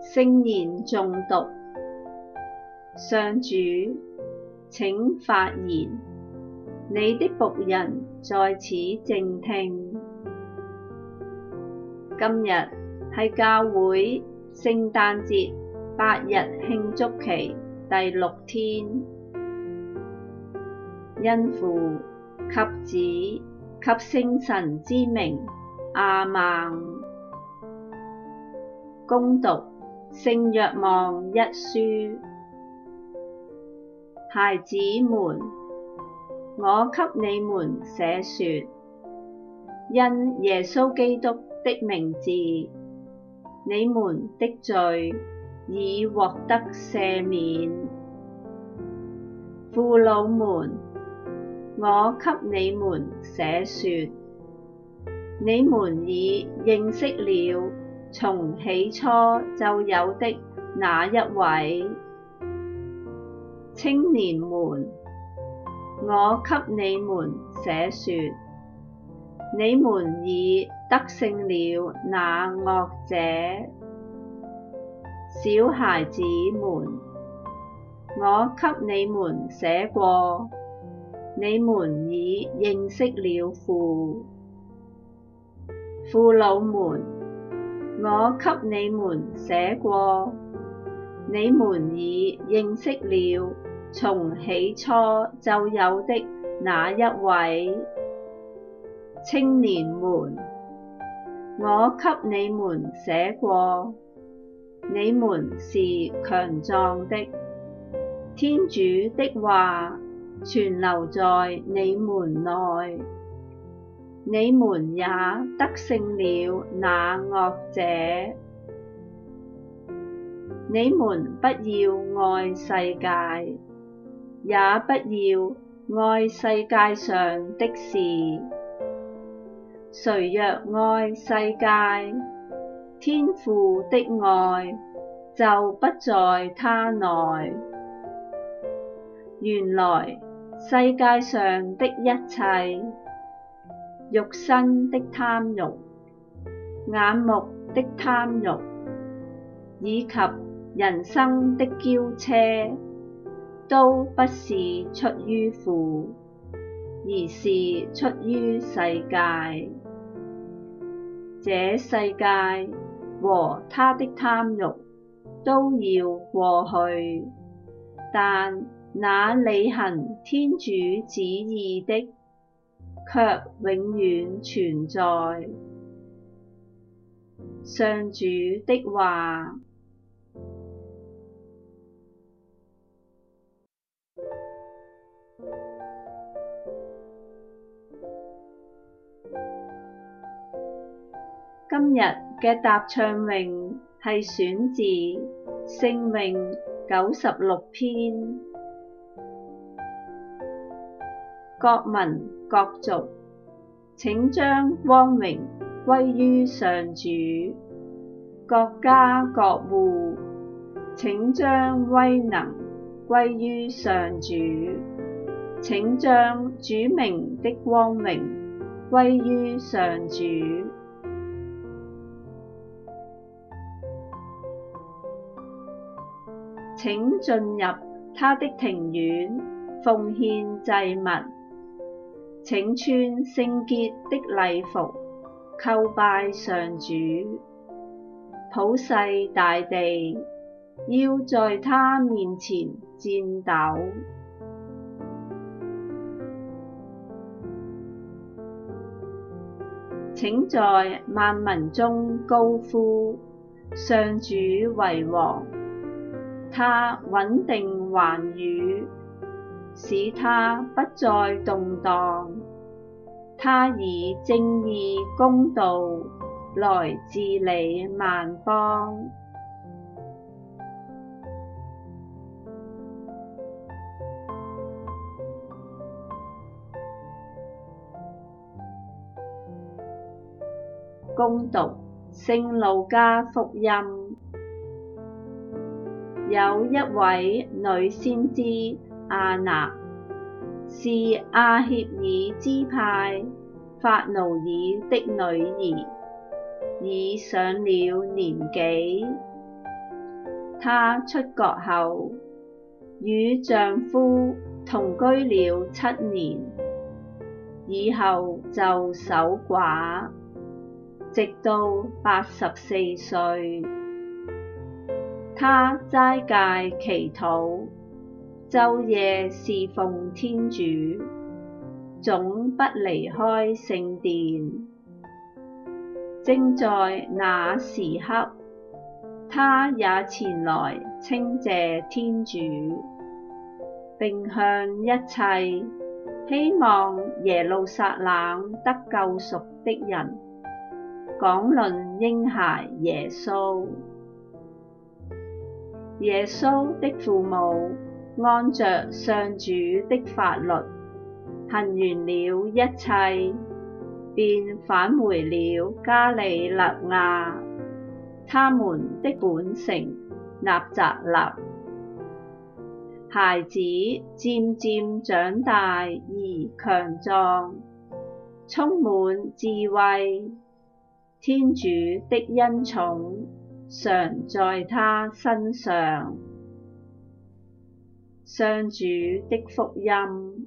聖言誦讀，上主，請發言，你的僕人在此靜聽。今日係教會聖誕節。八日慶祝期第六天，因父及子及聖神之名亞孟，恭讀聖若望一書，孩子們，我給你們寫説，因耶穌基督的名字，你們的罪已獲得赦免，父老們，我給你們寫說，你們已認識了從起初就有的那一位。青年們，我給你們寫說，你們已得勝了那惡者。小孩子們，我給你們寫過，你們已認識了父。父老們，我給你們寫過，你們已認識了從起初就有的那一位。青年們，我給你們寫過。你們是強壯的，天主的話存留在你們內，你們也得勝了那惡者。你們不要愛世界，也不要愛世界上的事。誰若愛世界，天父的愛就不在他內。原來世界上的一切，肉身的貪慾、眼目的貪慾，以及人生的驕奢，都不是出於父，而是出於世界。這世界和他的貪慾都要過去，但那履行天主旨意的，卻永遠存在。上主的話。 今日嘅答唱詠，係選自《聖詠》九十六篇。各民各族，請將光榮歸於上主；各家各戶，請將威能歸於上主；請將主名的光榮歸於上主。請進入他的庭院，奉獻祭物。請穿聖潔的禮服，叩拜上主。普世大地要在他面前顫抖。請在萬民中高呼：上主為王！他穩定寰宇，使它不再動盪。他以正義公道來治理萬邦。恭讀《聖路加福音》。有一位女先知亞納，是阿協爾支派法奴耳的女兒，已上了年紀。她出閣後，與丈夫同居了七年，以後就守寡，直到八十四歲。她齋戒祈禱，晝夜侍奉天主，總不離開聖殿。正在那時刻，她也前來稱謝天主，並向一切希望耶路撒冷得救贖的人講論嬰孩耶穌。耶穌的父母按着上主的法律，行完了一切，便返回了加里肋亞，他們的本城納匝肋。孩子漸漸長大而強壯，充滿智慧，天主的恩寵常在他身上。上主的福音。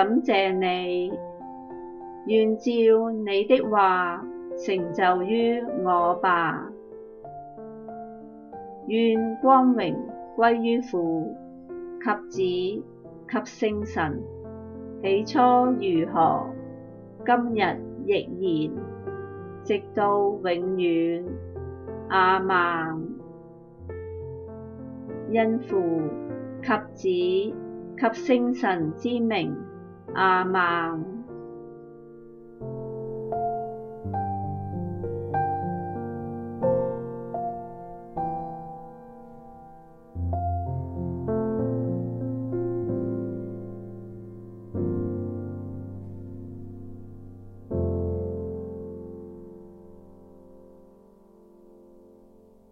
感謝你，願照你的話成就於我吧。願光榮歸於父及子及聖神，起初如何，今日亦然，直到永遠。阿們，因父及子及聖神之名。阿媽。